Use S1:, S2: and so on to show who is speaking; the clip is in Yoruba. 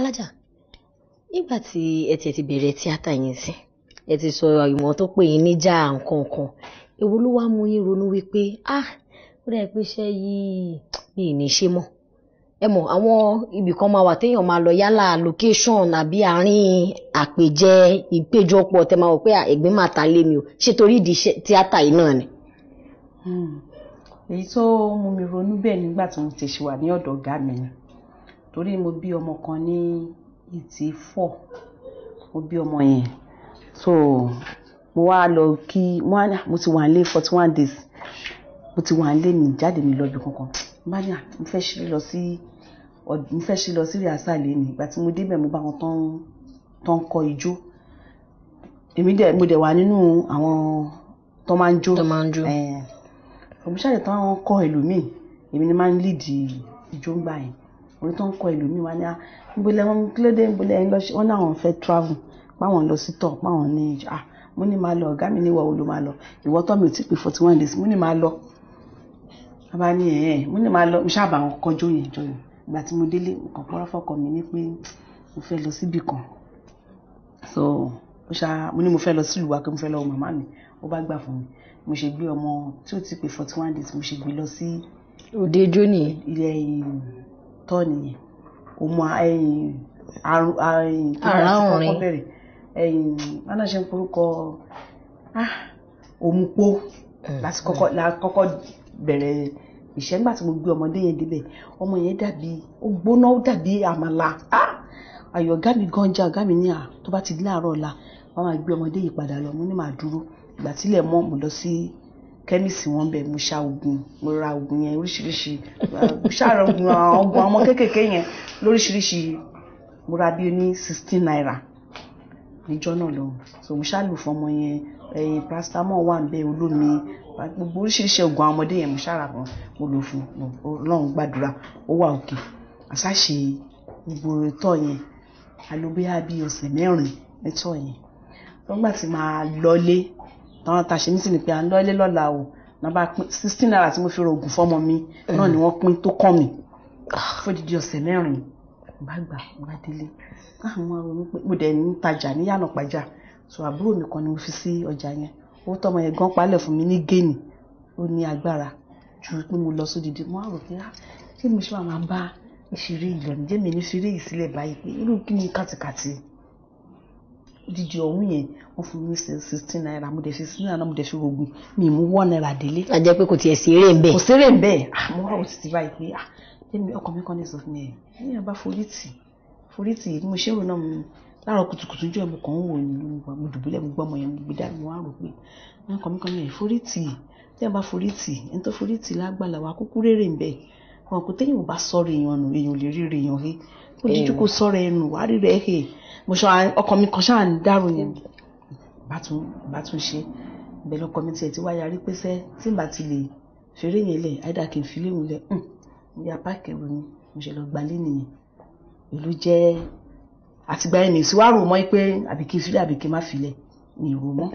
S1: alájà nígbà tí ẹ ti ti bẹ̀rẹ̀ tíátà yín sí ẹ ti sọ ìwọ̀n tó pè yín níjà nǹkan kan èwo ló wá mú yín ronú wípé ah ó dàbí pé iṣẹ́ yìí mi ì ní ṣe mọ́ ẹ mọ̀ àwọn ibì kan máa wà téèyàn máa lọ yálà location àbí àárín àpèjẹ ìpéjọpọ̀ tẹ máa wò pé ah, ẹ̀gbẹ́ máa ta lé mi o ṣé torí ìdí tíátà yìí náà ni. Hmm. èyí tó mú mi ronú bẹ́ẹ̀ nígbà tí mo ti ṣe wà ní ọ̀dọ̀ ọ̀gá mi ni torí mo bí ọmọ kan ní eighty four mo bí ọmọ yẹn so mo wá lọ kí mo ti wà nílé forty one days mo ti wà nílé mi jáde mi lọ́bi kankan bá ní mo fẹ́ ṣe lọ sí mo fẹ́ ṣe lọ sí rìhásà lẹ́nu ìgbà tí mo débẹ̀ mo bá wọn tán ń kọ ijó èmi dẹ̀ mo dẹ̀ wà nínú àwọn tó máa ń jó tó máa ń jó ọmọ ṣáà tán kọ ẹlòmíì èmi ni máa ń lídìí ijó ń gbà yẹn orin tó ń kọ ìlú mi wá ní gbélé wọn kílódé gbélé ẹyin lọ́sẹ̀ wọn náà wọn fẹ́ travel páwọn lọ sí tọ̀ páwọn ní ìjà ah, mo ní máa lọ ọ̀gá mi ní ìwọ̀ wo ló máa lọ ìwọ́ tọ́ mi ò tí pé forty one days mo ní máa lọ bàbá ní ẹ̀ ẹ̀ mo ní máa lọ mo ṣáàbà àwọn kọjọ́ yẹn jọyọ̀ ìgbà tí mo délé nǹkan pọ́nrọ́ fọkàn mi ní pé mo fẹ́ lọ síbì kan so mo ṣá mo ní mo fẹ́ lọ sílùú wa pé mo fẹ́ lọ wo màmá mi ó bá gbà fún mi mo ṣe gbé ọmọ tí ó ti pé forty one days mo ṣe gbé lọ sí. òde ijó nìyẹn. ilé tọ́ nìyẹn o mọ ẹyìn àrùn ẹyìn tó bá ti kọ́kọ́ bẹ̀rẹ̀ ẹyìn báná ṣe ń porúkọ ah, òmùpó láti kọ́kọ́ bẹ̀rẹ̀ ìṣẹ́ nígbà tí mo gbé ọmọdé yẹn débẹ̀ ọmọ yẹn dàbí ó gbóná ó dàbí àmàlà ah! ayọ̀ ọ̀gá mi gan ja ọ̀gá mi ní à tó bá ti di láàárọ̀ ọ̀la wọ́n máa gbé ọmọdé yìí padà lọ mo ní màá dúró ìgbà tílẹ̀ mọ́ mo lọ sí kẹ́míìsì wọn bẹ̀ mo ṣa oògùn mo ra oògùn yẹn oríṣiríṣi mo ṣàrọ̀ oògùn àwọn oògùn ọmọ kéékèèké yẹn lóríṣiríṣi mo ra bí oní sixteen naira níjọ́ náà lọ́hùn so mo ṣàlù fọmọ yẹn ẹyin paracetamol wà nbẹ olómi gbogbo oríṣiríṣi oògùn àwọn ọmọdé yẹn mo ṣàrà wọn mo lò fún Ọlọ́run gbàdúrà ó wà òkè àṣàṣe gbogbo ìtọ̀ yẹn alóbíyá bíi ọ̀sẹ̀ mẹ́rin ìtọ̀ yẹn lọ́gbà tí màá lọlé táwọn ta ṣe nísìnyí pé à ń lọ ilé lọ́la o nàbà pín sixteen naira tí mo fi ra oògùn fọmọ mi náà ni wọ́n pín tó kàn mí fódìdí ọ̀sẹ̀ mẹ́rin bá gbà bá délé àwọn ronú pé mo dẹ̀ ń tajà ní yànnà pàjá so àbúrò mi kan ni mo fi sí ọjà yẹn owó tọmọ yẹn gan palẹ̀ fún mi ní géènì ó ní agbára ju pé mo lọ sódìdí mo á rò pé ṣé mo ṣe máa bá ìṣeré ìlọ níjẹ́ mi ní fi ìsílẹ̀ báyìí pé irú kí ni kàtìkàtì díje ọ̀hún yẹn wọ́n fún mi ṣe sixteen naira mo dẹ̀ ṣe sixteen naira mo dẹ̀ ṣe oògùn mi mú one naira délé. a jẹ́ pé kò tiẹ̀ ṣeré ń bẹ̀. kò ṣeré ń bẹ̀ àmọ́ ọ̀rọ̀ ti ti báyìí pé ah jẹ́mi ọkàn mi kàn ní sọ fún mi ẹ̀ ní àbá forí tì forí tì mo ṣe rò náà mi láàárọ̀ kùtùkùtù jọ mo kàn ń wò ní mo dùbúlẹ̀ mo gbọ́ yẹn mo gbé dání mo wá rò pé ọkàn mi kàn ní forí tì tí a bá ẹni tó forí lágbàlá wa kúkú rèrè ń bẹ̀ wọn kò téèyàn bá sọ̀rọ̀ èèyàn nù èèyàn lè rí rèèyàn he kó díjú kó sọ̀rọ̀ ẹnu wàá rí rẹ̀ he mo ṣọ ọkọ mi kan ṣáà ń dàrú yẹn bá tún ṣe bẹ́ẹ̀ lọ́kọ mi tiẹ̀ ti wá yarí pé sẹ́ tí n bá ti lè fèrè yẹn lẹ̀ àìdá kì í fi léwu lẹ̀ ní hmm, apá kẹrù ni mo ṣe lọ gbalé nìyẹn ìlú jẹ́ àtìgbà yẹn ìsíwárò mọ́ pé àbí kí n filẹ̀ àbí kí n má filẹ̀ mi ò rò mọ́.